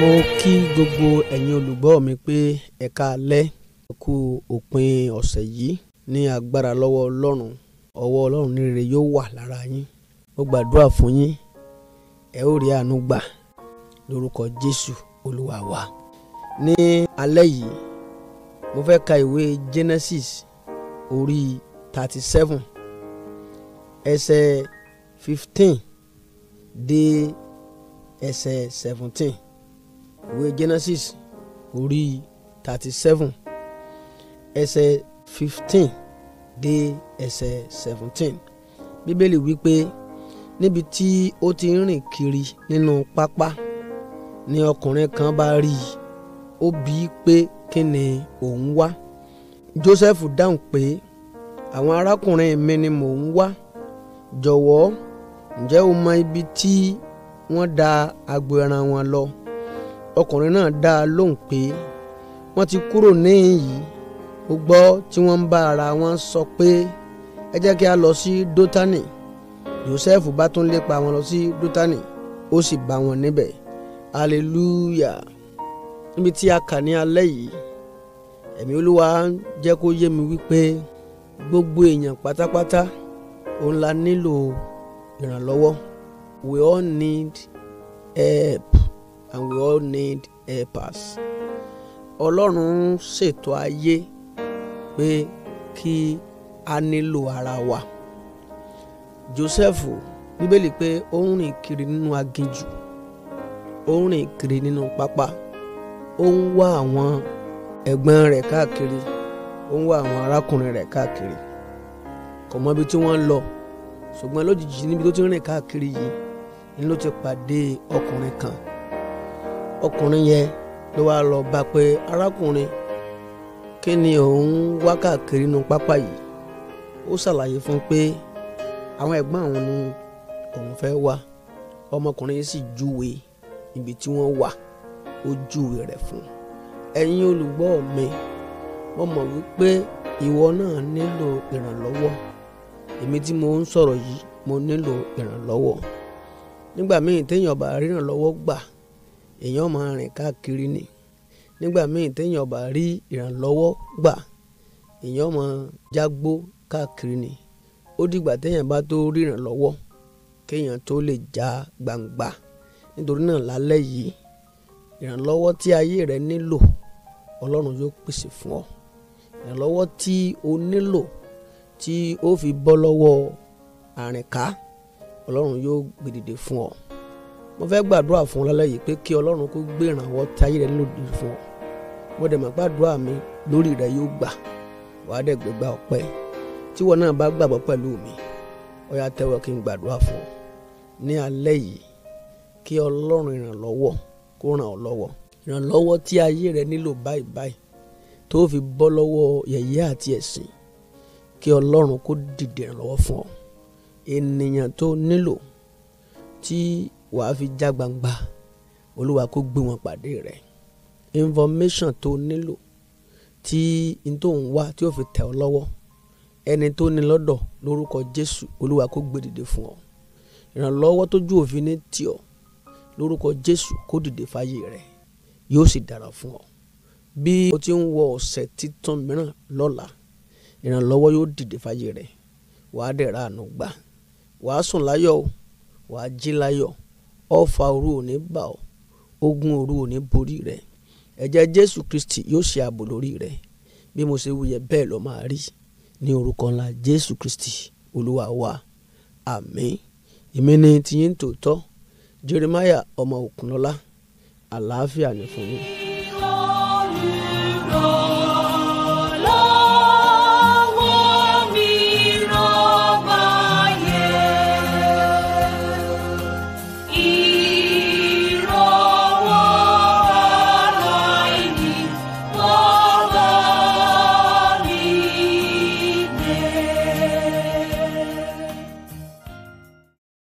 mo kí gbogbo ẹ̀yin olùgbọ́ mi pé ẹ káalẹ́ kú òpin ọ̀sẹ̀ yìí ní agbára lọ́wọ́ ọlọ́run ọwọ́ ọlọ́run ní rere yóò wà lára yín mo gbàdúrà fún yín ẹ ó rí àánú gbà lórúkọ jésù olúwa wa. ní alẹ́ yìí mo fẹ́ ka ìwé genesis orí thirty seven ẹsẹ̀ fifteen dé ẹsẹ̀ seventeen ìwé Genesis orí thirty seven ẹsẹ̀ fifteen dé ẹsẹ̀ seventeen bíbélì wípé níbi tí ó ti ń rìn kiri nínú pápá ni ọkùnrin kan bá rí i ó bi í pé kí ni òun wá Joseph dáhùn pé àwọn arákùnrin mi ni mò ń wá jọ̀wọ́ ǹjẹ́ o mọ ibi tí wọ́n da agbo ẹran wọn lọ ọkùnrin náà dá a lóhùn pé wọ́n ti kúrò níhìn yìí mo gbọ́ tí wọ́n ń bá ara wọn sọ pé ẹ jẹ́ kí a lọ sí dótánì Joseph bá tún lépa wọn lọ sí dótánì ó sì bá wọn níbẹ̀ hallelujah níbi tí a kà ní alẹ́ yìí ẹ̀mí olúwa jẹ́ kó yé mi wípé gbogbo èèyàn pátápátá òun la nílò ìrànlọ́wọ́ we all need help and we all need helpers. ọlọ́run ń ṣètò ayé pé kí a nílò ara wa. Joseph bíbélì pé ó ń rìn kiri nínú aginjù ó ń rìn kiri nínú pápá ó ń wá àwọn ẹ̀gbọ́n rẹ̀ káàkiri ó ń wá àwọn arákùnrin rẹ̀ káàkiri kò mọ ibi tí wọ́n lọ ṣùgbọ́n lójijì níbi tó ti rìn káàkiri yìí ni ló ti pàdé ọkùnrin kan ọkùnrin yẹn ló wá lọ bá pé arákùnrin kí ni òun wá káàkiri inú pápá yìí ó ṣàlàyé fún un pé àwọn ẹ̀gbọ́n òun ni òun fẹ́ wá ọmọkùnrin yìí sì júwe ibi tí wọ́n wà ó júwe rẹ̀ fún un ẹ̀yin olùgbọ́ mi mo mọ̀ wípé ìwọ náà nílò ìrànlọ́wọ́ èmi tí mo ń sọ̀rọ̀ yìí mo nílò ìrànlọ́wọ́ nígbà míì téèyàn bá ríran lọ́wọ́ gbà èèyàn máa rìn káàkiri ni nígbà míì téèyàn bá rí ìrànlọ́wọ́ gbà èèyàn máa jágbó káàkiri ni ó dìgbà téèyàn bá tó rí ìrànlọ́wọ́ kéèyàn tó lè já gbangba nítorí náà lálẹ́ yìí ìrànlọ́wọ́ tí ayé rẹ nílò ọlọ́run yóò pèsè fún ọ ìrànlọ́wọ́ tí o nílò tí ó fi bọ́ lọ́wọ́ àrìnká ọlọ́run yóò gbèdìde fún ọ mo fẹ́ gbàdúrà fún ọ lálẹ́ yìí pé kí ọlọ́run kó gbé ìrànwọ́ tí rẹ nílò fún ọ mo dẹ̀ mọ̀ gbàdúrà mi lórí rẹ yóò gbà wàá dẹ̀ gbégbá ọpẹ́ tíwọ náà bá gbàgbọ́ pẹ̀lú mi ó yá tẹ́wọ́ kí n gbàdúrà fún ọ ní alẹ́ yìí kí ọlọ́run ìrànlọ́wọ́ kó ràn ọ́ lọ́wọ́ ìrànlọ́wọ́ tí ayé rẹ nílò báyìí báyìí tó fi bọ́ lọ́wọ́ yẹ̀yẹ́ àti ẹ̀sìn kí ọlọ́run kó dìde ìrànlọ́wọ́ fún ọ ènìyàn tó nílò tí wàá fi já gbangba olúwa kó gbé wọn pàdé rẹ information tó nílò tí n tó ń wá tí ó fi tẹ̀ ọ́ lọ́wọ́ ẹni tó ní lọ́dọ̀ lórúkọ jésù olúwa kó gbé dìde fún ọ ìrànlọ́wọ́ tójú òfin ní tì ọ́ lórúkọ jésù kó dìde fáyé rẹ yóò sì dára fún ọ bí o ti ń wọ ọ̀sẹ̀ títún mìíràn lọ́la ìrànlọ́wọ́ yóò dìde fáyé rẹ wàá dẹ̀ ra àánú gbà wàá sùn láyọ̀ wàá jí láyọ̀ ọfà òru ò ní bà ọ́ ogun òru ò ní borí rẹ ẹ̀jẹ̀ Jésù Kristi yóò ṣe ààbò lórí rẹ bí mo ṣe wuyẹ bẹ́ẹ̀ lọ máa rí ní orúkọ ńlá Jésù Kristi Olúwa wa àmín èmi ni tiyín tòótọ́ Jeremiah ọmọ Òkúnlọ́lá àlàáfíà ni fún yín.